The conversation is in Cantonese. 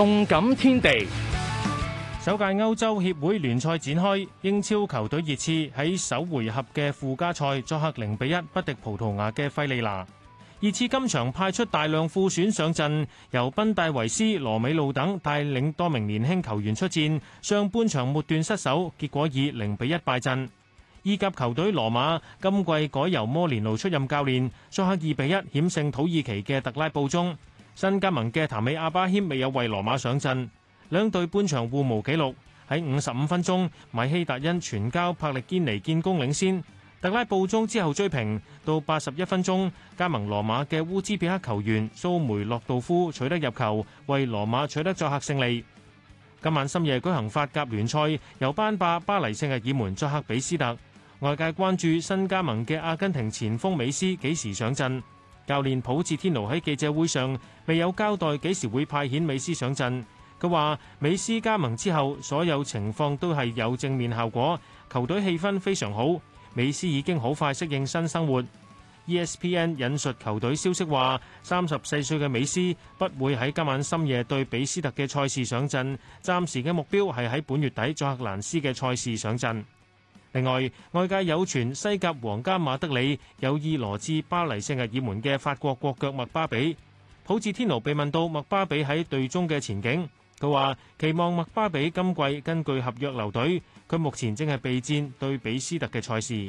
動感天地，首屆歐洲協會聯賽展開，英超球隊熱刺喺首回合嘅附加賽作客零比一不敵葡萄牙嘅費利拿。熱刺今場派出大量副選上陣，由賓戴維斯、羅美路等帶領多名年輕球員出戰，上半場末段失手，結果以零比一敗陣。意甲球隊羅馬今季改由摩連奴出任教練，作客二比一險勝土耳其嘅特拉布宗。新加盟嘅譚美阿巴謙未有為羅馬上陣，兩隊半場互無紀錄。喺五十五分鐘，米希達恩傳交柏力堅尼建功領先，特拉布宗之後追平。到八十一分鐘，加盟羅馬嘅烏茲比克球員蘇梅洛道夫取得入球，為羅馬取得作客勝利。今晚深夜舉行法甲聯賽，由班霸巴黎聖日耳門作客比斯特。外界關注新加盟嘅阿根廷前鋒美斯幾時上陣。教練普智天奴喺記者會上未有交代幾時會派遣美斯上陣。佢話美斯加盟之後，所有情況都係有正面效果，球隊氣氛非常好。美斯已經好快適應新生活。ESPN 引述球隊消息話，三十四歲嘅美斯不會喺今晚深夜對比斯特嘅賽事上陣，暫時嘅目標係喺本月底作客蘭斯嘅賽事上陣。另外，外界有傳西甲皇家馬德里有意羅致巴黎聖日耳門嘅法國國腳麥巴比。普治天奴被問到麥巴比喺隊中嘅前景，佢話期望麥巴比今季根據合約留隊，佢目前正係備戰對比斯特嘅賽事。